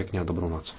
pekne a dobrú noc.